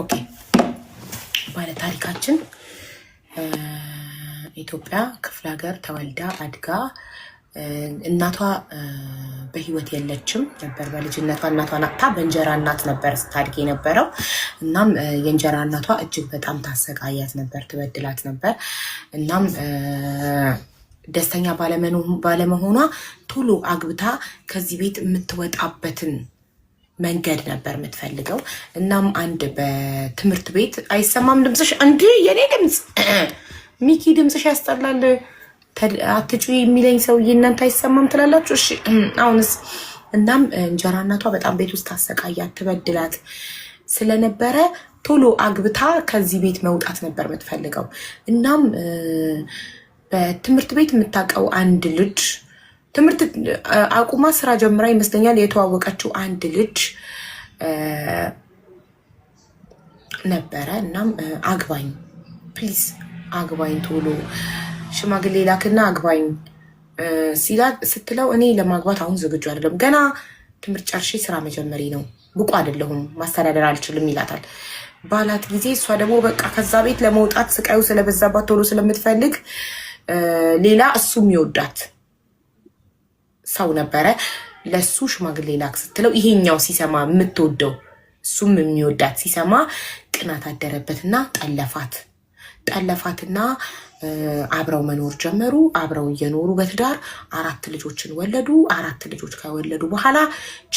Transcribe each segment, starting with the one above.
ኦኬ ባለ ታሪካችን ኢትዮጵያ ክፍለ ሀገር ተወልዳ አድጋ እናቷ በህይወት የለችም ነበር። በልጅነቷ እናቷ አጥታ በእንጀራ እናት ነበር ስታድግ የነበረው። እናም የእንጀራ እናቷ እጅግ በጣም ታሰቃያት ነበር፣ ትበድላት ነበር። እናም ደስተኛ ባለመሆኗ ቶሎ አግብታ ከዚህ ቤት የምትወጣበትን መንገድ ነበር የምትፈልገው። እናም አንድ በትምህርት ቤት አይሰማም ድምፅሽ፣ እንዲ የኔ ድምፅ ሚኪ ድምፅሽ ያስጠላል አትጩ የሚለኝ ሰውዬ እናንተ አይሰማም ትላላችሁ። እሺ አሁንስ? እናም እንጀራ እናቷ በጣም ቤት ውስጥ አሰቃያት ትበድላት ስለነበረ ቶሎ አግብታ ከዚህ ቤት መውጣት ነበር የምትፈልገው። እናም በትምህርት ቤት የምታውቀው አንድ ልጅ ትምህርት አቁማ ስራ ጀምራ ይመስለኛል የተዋወቀችው አንድ ልጅ ነበረ። እናም አግባኝ ፕሊዝ አግባኝ ቶሎ ሽማግሌ ላክና አግባኝ ሲላት ስትለው እኔ ለማግባት አሁን ዝግጁ አይደለም፣ ገና ትምህርት ጨርሼ ስራ መጀመሪ ነው፣ ብቁ አይደለሁም፣ ማስተዳደር አልችልም ይላታል። ባላት ጊዜ እሷ ደግሞ በቃ ከዛ ቤት ለመውጣት ስቃዩ ስለበዛባት ቶሎ ስለምትፈልግ ሌላ እሱም ይወዳት ሰው ነበረ። ለሱ ሽማግሌ ላክ ስትለው ይሄኛው ሲሰማ የምትወደው እሱም የሚወዳት ሲሰማ ቅናት አደረበትና ጠለፋት። ጠለፋትና አብረው መኖር ጀመሩ። አብረው እየኖሩ በትዳር አራት ልጆችን ወለዱ። አራት ልጆች ከወለዱ በኋላ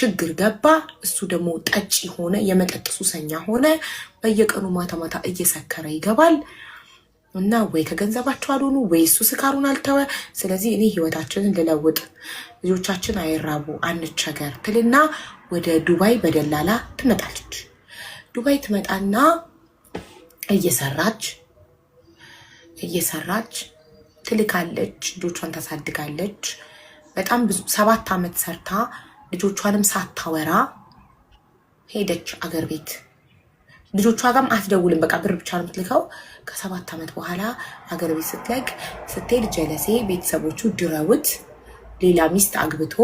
ችግር ገባ። እሱ ደግሞ ጠጪ ሆነ፣ የመጠጥ ሱሰኛ ሆነ። በየቀኑ ማታ ማታ እየሰከረ ይገባል። እና ወይ ከገንዘባቸው አልሆኑ ወይ እሱ ስካሩን አልተወ። ስለዚህ እኔ ህይወታችንን ልለውጥ፣ ልጆቻችን አይራቡ፣ አንቸገር ትልና ወደ ዱባይ በደላላ ትመጣለች። ዱባይ ትመጣና እየሰራች እየሰራች ትልካለች። ልጆቿን ታሳድጋለች። በጣም ብዙ ሰባት ዓመት ሰርታ ልጆቿንም ሳታወራ ሄደች አገር ቤት ልጆቿ ጋርም አትደውልም። በቃ ብር ብቻ ነው የምትልከው። ከሰባት ዓመት በኋላ አገር ቤት ስትለቅ ስትሄድ ጀለሴ ቤተሰቦቹ ድረውት ሌላ ሚስት አግብቶ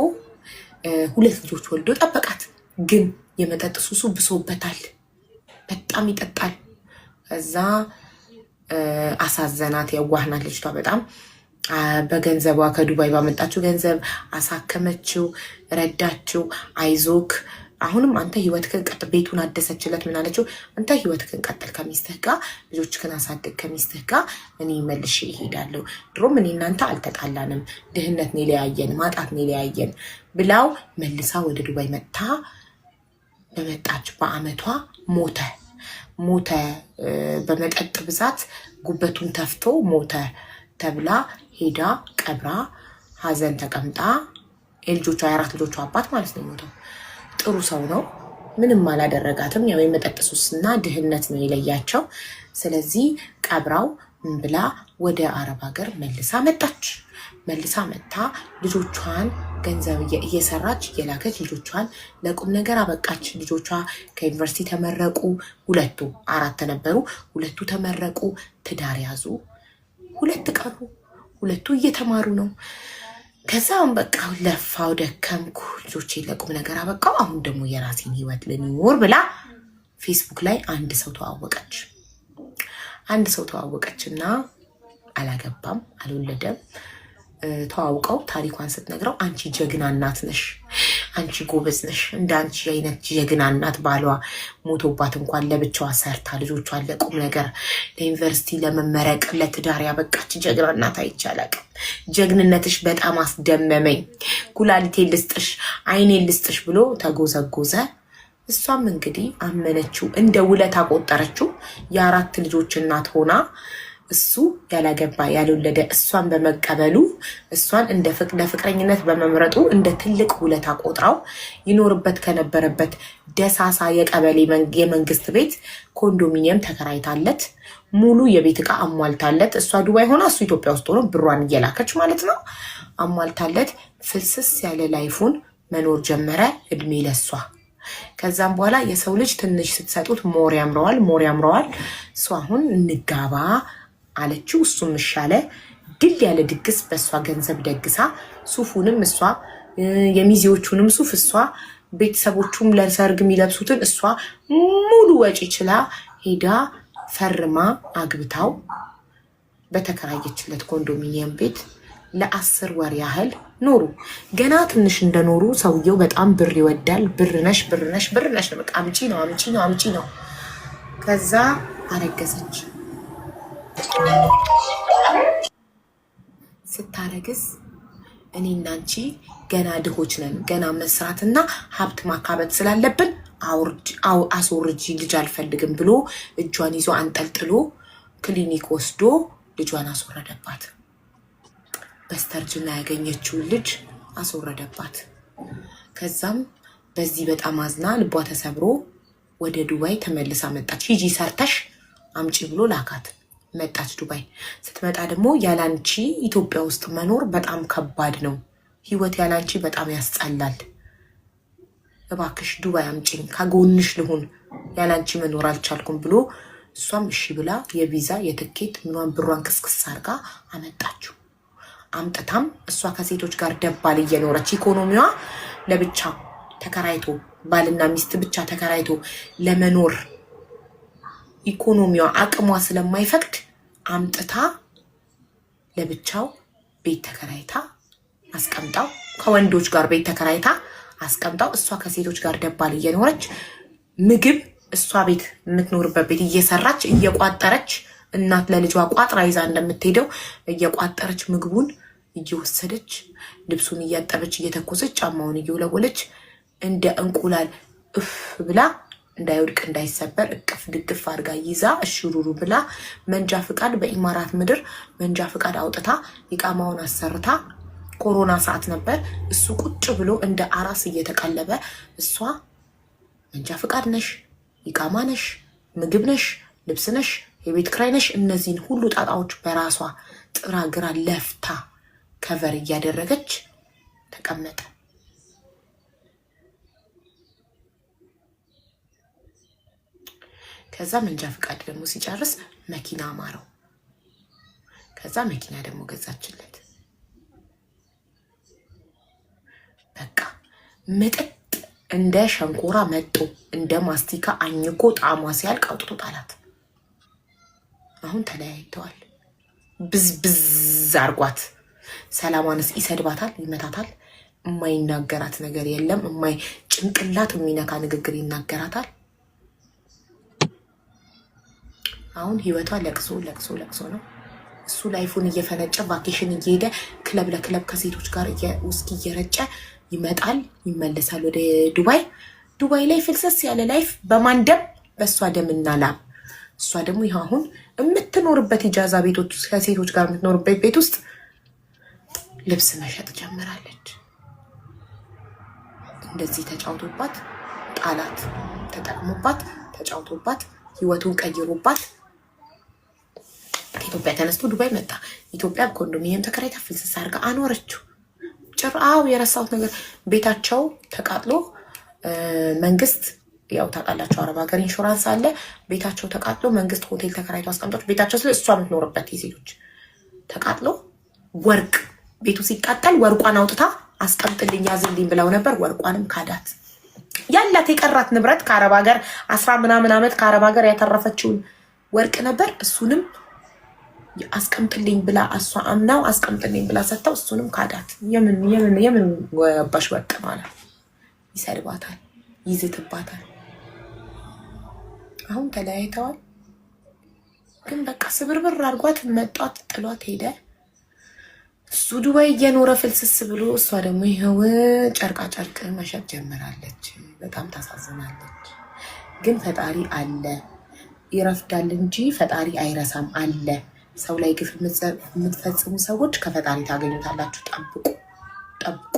ሁለት ልጆች ወልዶ ጠበቃት። ግን የመጠጥ ሱሱ ብሶበታል፣ በጣም ይጠጣል። እዛ አሳዘናት። የዋህናት ልጅቷ በጣም በገንዘቧ ከዱባይ ባመጣችው ገንዘብ አሳከመችው፣ ረዳችው። አይዞክ አሁንም አንተ ህይወትህን ቀጥል። ቤቱን አደሰችለት ምን አለችው? አንተ ህይወትህን ቀጥል ከሚስትህ ጋር ልጆችህን አሳድግ ከሚስትህ ጋር እኔ መልሼ ይሄዳለሁ። ድሮም እኔ እናንተ አልተጣላንም፣ ድህነት ነው የለያየን፣ ማጣት ነው የለያየን ብላው መልሳ ወደ ዱባይ መጥታ በመጣች በአመቷ ሞተ። ሞተ በመጠጥ ብዛት ጉበቱን ተፍቶ ሞተ ተብላ ሄዳ ቀብራ ሀዘን ተቀምጣ የልጆቿ የአራት ልጆቿ አባት ማለት ነው ሞተው ጥሩ ሰው ነው። ምንም አላደረጋትም። ያው የመጠጥ ሱስና ድህነት ነው የለያቸው። ስለዚህ ቀብራው ብላ ወደ አረብ ሀገር መልሳ መጣች። መልሳ መጥታ ልጆቿን ገንዘብ እየሰራች እየላከች ልጆቿን ለቁም ነገር አበቃች። ልጆቿ ከዩኒቨርሲቲ ተመረቁ። ሁለቱ አራት ነበሩ። ሁለቱ ተመረቁ፣ ትዳር ያዙ። ሁለት ቀሩ። ሁለቱ እየተማሩ ነው። ከዛ አሁን በቃ ለፋው ደከምኩ፣ ልጆች ለቁም ነገር አበቃው፣ አሁን ደግሞ የራሴን ህይወት ልኖር ብላ ፌስቡክ ላይ አንድ ሰው ተዋወቀች። አንድ ሰው ተዋወቀች እና አላገባም፣ አልወለደም። ተዋውቀው ታሪኳን ስትነግረው አንቺ ጀግና እናት ነሽ፣ አንቺ ጎበዝ ነሽ፣ እንደ አንቺ አይነት ጀግና እናት ባሏ ሞቶባት እንኳን ለብቻዋ ሰርታ ልጆቿ ለቁም ነገር ለዩኒቨርሲቲ ለመመረቅ ለትዳር ያበቃች ጀግና እናት አይቻላቅ። ጀግንነትሽ በጣም አስደመመኝ። ኩላሊቴን ልስጥሽ፣ አይኔ ልስጥሽ ብሎ ተጎዘጎዘ። እሷም እንግዲህ አመነችው፣ እንደ ውለታ ቆጠረችው። የአራት ልጆች እናት ሆና እሱ ያላገባ ያልወለደ እሷን በመቀበሉ እሷን እንደ ፍቅረኝነት በመምረጡ እንደ ትልቅ ውለታ ቆጥራው ይኖርበት ከነበረበት ደሳሳ የቀበሌ የመንግስት ቤት ኮንዶሚኒየም ተከራይታለት ሙሉ የቤት እቃ አሟልታለት፣ እሷ ዱባይ ሆና እሱ ኢትዮጵያ ውስጥ ሆኖ ብሯን እየላከች ማለት ነው አሟልታለት ፍልስስ ያለ ላይፉን መኖር ጀመረ። እድሜ ለሷ። ከዛም በኋላ የሰው ልጅ ትንሽ ስትሰጡት ሞር ያምረዋል፣ ሞር ያምረዋል። እሱ አሁን እንጋባ አለችው። እሱም እሻለ ድል ያለ ድግስ በእሷ ገንዘብ ደግሳ ሱፉንም እሷ የሚዜዎቹንም ሱፍ እሷ ቤተሰቦቹም ለሰርግ የሚለብሱትን እሷ ሙሉ ወጪ ችላ ሄዳ ፈርማ አግብታው በተከራየችለት ኮንዶሚኒየም ቤት ለአስር ወር ያህል ኖሩ። ገና ትንሽ እንደኖሩ ሰውየው በጣም ብር ይወዳል። ብርነሽ ብርነሽ ብርነሽ ነው። በቃ አምጪ ነው አምጪ ነው አምጪ ነው። ከዛ አረገዘች። ስታረግዝ እኔ እናንቺ ገና ድሆች ነን። ገና መስራትና ሀብት ማካበት ስላለብን አስወርጂ ልጅ አልፈልግም ብሎ እጇን ይዞ አንጠልጥሎ ክሊኒክ ወስዶ ልጇን አስወረደባት። በስተርጅና ያገኘችውን ልጅ አስወረደባት። ከዛም በዚህ በጣም አዝና ልቧ ተሰብሮ ወደ ዱባይ ተመልሳ መጣች። ሂጂ ሰርተሽ አምጪ ብሎ ላካት። መጣች ዱባይ። ስትመጣ ደግሞ ያላንቺ ኢትዮጵያ ውስጥ መኖር በጣም ከባድ ነው፣ ህይወት ያላንቺ በጣም ያስጠላል፣ እባክሽ ዱባይ አምጪኝ፣ ከጎንሽ ልሁን፣ ያላንቺ መኖር አልቻልኩም ብሎ እሷም እሺ ብላ የቪዛ የትኬት ምኗን ብሯን ክስክስ አርጋ አመጣችው። አምጥታም እሷ ከሴቶች ጋር ደባል እየኖረች ኢኮኖሚዋ ለብቻ ተከራይቶ ባልና ሚስት ብቻ ተከራይቶ ለመኖር ኢኮኖሚዋ አቅሟ ስለማይፈቅድ አምጥታ ለብቻው ቤት ተከራይታ አስቀምጣው ከወንዶች ጋር ቤት ተከራይታ አስቀምጣው እሷ ከሴቶች ጋር ደባል እየኖረች ምግብ እሷ ቤት የምትኖርበት ቤት እየሰራች እየቋጠረች እናት ለልጇ ቋጥራ ይዛ እንደምትሄደው እየቋጠረች ምግቡን እየወሰደች ልብሱን እያጠበች እየተኮሰች ጫማውን እየወለወለች እንደ እንቁላል እፍ ብላ እንዳይወድቅ እንዳይሰበር እቅፍ ድግፍ አድርጋ ይዛ እሽሩሩ ብላ መንጃ ፍቃድ በኢማራት ምድር መንጃ ፍቃድ አውጥታ ኢቃማውን አሰርታ ኮሮና ሰዓት ነበር። እሱ ቁጭ ብሎ እንደ አራስ እየተቀለበ እሷ መንጃ ፍቃድ ነሽ፣ ኢቃማ ነሽ፣ ምግብ ነሽ፣ ልብስ ነሽ፣ የቤት ክራይ ነሽ፣ እነዚህን ሁሉ ጣጣዎች በራሷ ጥራ ግራ ለፍታ ከቨር እያደረገች ተቀመጠ። ከዛ መንጃ ፈቃድ ደግሞ ሲጨርስ መኪና አማረው። ከዛ መኪና ደግሞ ገዛችለት። በቃ መጠጥ እንደ ሸንኮራ መጦ እንደ ማስቲካ አኝኮ ጣሟ ሲያልቅ አውጥቶ ጣላት። አሁን ተለያይተዋል። ብዝብዝ አርጓት። ሰላማንስ ይሰድባታል፣ ይመታታል። የማይናገራት ነገር የለም። የማይ ጭንቅላት የሚነካ ንግግር ይናገራታል። አሁን ህይወቷ ለቅሶ ለቅሶ ለቅሶ ነው። እሱ ላይፉን እየፈነጨ ቫኬሽን እየሄደ ክለብ ለክለብ ከሴቶች ጋር ውስኪ እየረጨ ይመጣል፣ ይመለሳል ወደ ዱባይ። ዱባይ ላይ ፍልሰስ ያለ ላይፍ በማን ደም? በእሷ እና ላም እሷ ደግሞ ይህ አሁን የምትኖርበት ኢጃዛ ቤቶች ከሴቶች ጋር የምትኖርበት ቤት ውስጥ ልብስ መሸጥ ጀምራለች። እንደዚህ ተጫውቶባት ጣላት፣ ተጠቅሞባት፣ ተጫውቶባት፣ ህይወቱን ቀይሮባት ከኢትዮጵያ ተነስቶ ዱባይ መጣ። ኢትዮጵያ ኮንዶሚኒየም ተከራይታ ፍልስስ አድርጋ አኖረችው። ጭራው የረሳሁት ነገር ቤታቸው ተቃጥሎ መንግስት ያው ታውቃላቸው፣ አረብ ሀገር ኢንሹራንስ አለ። ቤታቸው ተቃጥሎ መንግስት ሆቴል ተከራይቶ አስቀምጦች ቤታቸው ስለ እሷ የምትኖርበት የሴቶች ተቃጥሎ ወርቅ ቤቱ ሲቃጠል ወርቋን አውጥታ አስቀምጥልኝ ያዝልኝ ብለው ነበር። ወርቋንም ካዳት። ያላት የቀራት ንብረት ከአረብ ሀገር አስራ ምናምን ዓመት ከአረብ ሀገር ያተረፈችውን ወርቅ ነበር እሱንም አስቀምጥልኝ ብላ እሷ አምናው አስቀምጥልኝ ብላ ሰጥተው እሱንም ካዳት። የምን የምን የምን ወባሽ ወጥ ማለት ይሰድባታል፣ ይዝትባታል። አሁን ተለያይተዋል፣ ግን በቃ ስብርብር አድርጓት መጧት፣ ጥሏት ሄደ። እሱ ዱባይ እየኖረ ፍልስስ ብሎ እሷ ደግሞ ይኸው ጨርቃ ጨርቅ መሸጥ ጀምራለች። በጣም ታሳዝናለች። ግን ፈጣሪ አለ፣ ይረፍዳል እንጂ ፈጣሪ አይረሳም አለ ሰው ላይ ግፍ የምትፈጽሙ ሰዎች ከፈጣሪ ታገኙታላችሁ። ጠብቁ ጠብቁ፣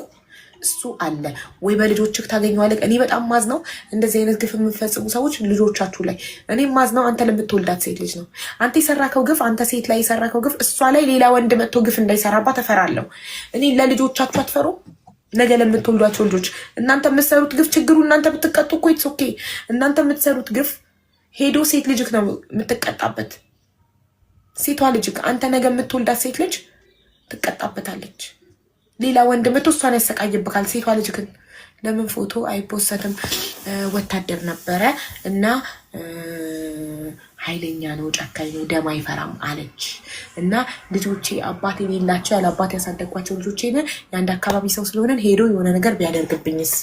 እሱ አለ ወይ በልጆችህ ታገኘዋለህ። እኔ በጣም ነው እንደዚህ አይነት ግፍ የምትፈጽሙ ሰዎች ልጆቻችሁ ላይ። እኔ ማዝነው አንተ ለምትወልዳት ሴት ልጅ ነው። አንተ የሰራከው ግፍ፣ አንተ ሴት ላይ የሰራከው ግፍ እሷ ላይ ሌላ ወንድ መጥቶ ግፍ እንዳይሰራባት እፈራለሁ። እኔ ለልጆቻችሁ አትፈሩ ነገ ለምትወልዷቸው ልጆች እናንተ የምትሰሩት ግፍ ችግሩ እናንተ ብትቀጡ እኮ ኦኬ። እናንተ የምትሰሩት ግፍ ሄዶ ሴት ልጅክ ነው የምትቀጣበት። ሴቷ ልጅ አንተ ነገ የምትወልዳት ሴት ልጅ ትቀጣበታለች። ሌላ ወንድ መቶ እሷን ያሰቃይብካል። ሴቷ ልጅ ግን ለምን ፎቶ አይፖሰትም? ወታደር ነበረ እና ኃይለኛ ነው፣ ጨካኝ ነው፣ ደም አይፈራም አለች እና ልጆቼ አባት የሌላቸው ያለ አባት ያሳደግኳቸው ልጆቼን የአንድ አካባቢ ሰው ስለሆነን ሄዶ የሆነ ነገር ቢያደርግብኝስ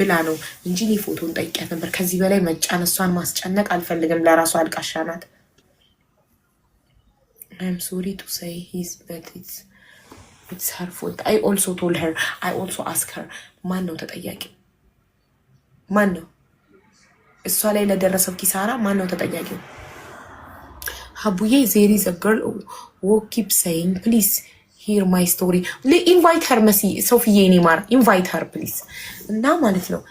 ብላ ነው እንጂ እኔ ፎቶን ጠይቂያት ነበር። ከዚህ በላይ መጫነሷን ማስጨነቅ አልፈልግም። ለራሷ አልቃሻ ናት። I'm sorry to say his but it's it's her fault. I also told her. I also ask her ማን ነው ተጠያቂ? ማን ነው እሷ ላይ ለደረሰው ኪሳራ ማን ነው ተጠያቂው? ሀቡዬ ዜሪ ዘ ገርል ዎ ኪፕ ሰይንግ ፕሊዝ ሂር ማይ ስቶሪ ኢንቫይት ሀር መሲ ሶፊዬ ኔ ማር ኢንቫይት ሀር ፕሊዝ። እና ማለት ነው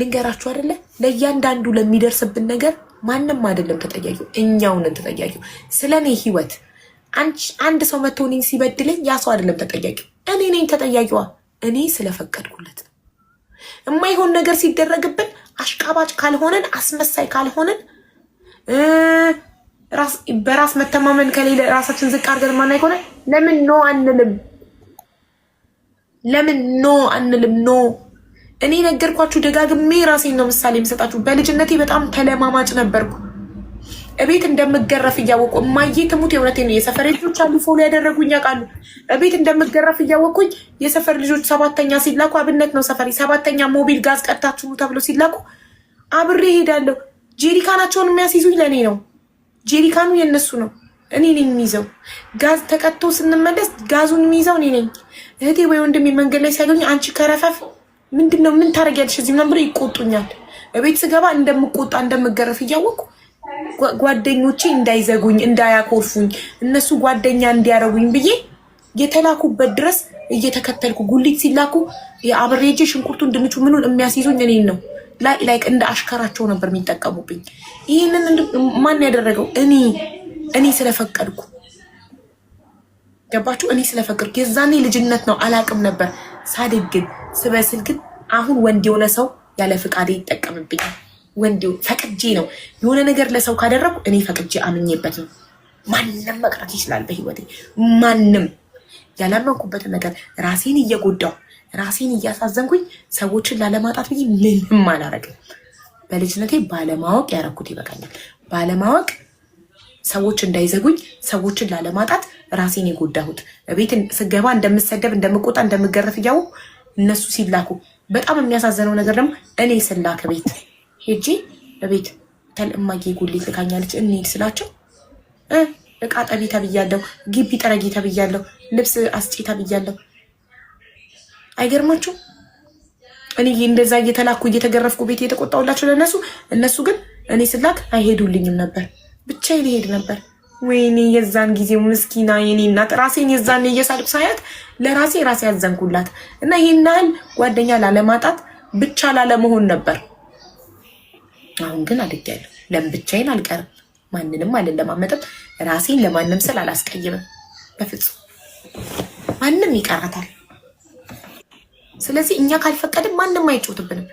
ልንገራችሁ አይደለ ለእያንዳንዱ ለሚደርስብን ነገር ማንም አይደለም ተጠያቂው፣ እኛው ነን ተጠያቂው። ስለ እኔ ህይወት አንድ ሰው መቶ እኔን ሲበድለኝ ያ ሰው አይደለም ተጠያቂው፣ እኔ ነኝ ተጠያቂዋ። እኔ ስለፈቀድኩለት ነው። የማይሆን ነገር ሲደረግብን አሽቃባጭ ካልሆነን አስመሳይ ካልሆነን በራስ መተማመን ከሌለ ራሳችን ዝቅ አድርገን ማናይ ከሆነ ለምን ኖ አንልም? ለምን ኖ አንልም? ኖ እኔ ነገርኳችሁ ደጋግሜ ራሴን ነው ምሳሌ የምሰጣችሁ። በልጅነቴ በጣም ተለማማጭ ነበርኩ። እቤት እንደምገረፍ እያወቁ እማዬ ትሙት የእውነቴ ነው። የሰፈር ልጆች አሉ ፎሎ ያደረጉኝ ያውቃሉ። እቤት እንደምገረፍ እያወቁኝ የሰፈር ልጆች ሰባተኛ ሲላኩ አብነት ነው ሰፈሪ ሰባተኛ ሞቢል ጋዝ ቀድታችሁ ተብሎ ሲላኩ አብሬ ሄዳለሁ። ጄሪካናቸውን የሚያስይዙኝ ለእኔ ነው። ጄሪካኑ የእነሱ ነው፣ እኔ ነኝ የሚይዘው። ጋዝ ተቀጥቶ ስንመለስ ጋዙን የሚይዘው እኔ ነኝ። እህቴ ወይ ወንድሜ መንገድ ላይ ሲያገኙ አንቺ ከረፈፍ ምንድን ነው ምን ታደርጊያለሽ እዚህ ምናምን ብለው ይቆጡኛል። ቤት ስገባ እንደምቆጣ እንደምገረፍ እያወቁ ጓደኞቼ እንዳይዘጉኝ እንዳያኮርፉኝ እነሱ ጓደኛ እንዲያረጉኝ ብዬ የተላኩበት ድረስ እየተከተልኩ ጉሊት ሲላኩ የአብሬጄ ሽንኩርቱ ድንቹ ምኑን የሚያስይዙኝ እኔን ነው። ላይ እንደ አሽከራቸው ነበር የሚጠቀሙብኝ። ይህንን ማን ያደረገው? እኔ እኔ ስለፈቀድኩ ገባችሁ። እኔ ስለፈቀድኩ የዛኔ ልጅነት ነው አላቅም ነበር ግን ስበስል ግን አሁን ወንድ የሆነ ሰው ያለ ፍቃዴ ይጠቀምብኛል። ወንድ ፈቅጄ ነው የሆነ ነገር ለሰው ካደረጉ እኔ ፈቅጄ አምኜበት ነው። ማንም መቅረት ይችላል በህይወቴ ማንም ያላመንኩበትን ነገር ራሴን እየጎዳው ራሴን እያሳዘንኩኝ ሰዎችን ላለማጣት ብዬ ምንም አላረግም። በልጅነቴ ባለማወቅ ያረኩት ይበቃኛል። ባለማወቅ ሰዎች እንዳይዘጉኝ፣ ሰዎችን ላለማጣት ራሴን የጎዳሁት ቤት ስገባ እንደምሰደብ፣ እንደምቆጣ፣ እንደምገረፍ እያወኩ እነሱ ሲላኩ በጣም የሚያሳዝነው ነገር ደግሞ እኔ ስላክ ቤት ሄጄ በቤት ተልእማጌ ጎሌ ልካኛለች እንሂድ ስላቸው እቃ ጠቢ ተብያለሁ፣ ግቢ ጠረጊ ተብያለሁ፣ ልብስ አስጪ ተብያለሁ። አይገርማችሁ? እኔ እንደዛ እየተላኩ እየተገረፍኩ ቤት የተቆጣሁላቸው ለእነሱ እነሱ ግን እኔ ስላክ አይሄዱልኝም ነበር። ብቻ ይሄድ ነበር። ወይኔ የዛን ጊዜ ምስኪና የኔ እናት ራሴን የዛን እየሳልኩ ሳያት ለራሴ ራሴ ያዘንኩላት እና ይህን ያህል ጓደኛ ላለማጣት ብቻ ላለመሆን ነበር። አሁን ግን አድጌያለሁ። ለምን ብቻዬን አልቀርም፣ ማንንም አልለማመጥም፣ ራሴን ለማንም ስል አላስቀይምም። በፍጹም ማንም ይቀራታል። ስለዚህ እኛ ካልፈቀድም ማንም አይጮትብንም።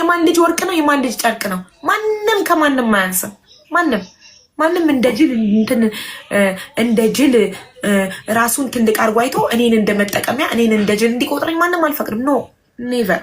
የማን ልጅ ወርቅ ነው፣ የማን ልጅ ጨርቅ ነው። ማንም ከማንም አያንስም። ማንም ማንም እንደ ጅል እንትን እንደ ጅል ራሱን ትልቅ አድርጎ አይቶ እኔን እንደ መጠቀሚያ እኔን እንደ ጅል እንዲቆጥረኝ ማንም አልፈቅድም። ኖ ኔቨር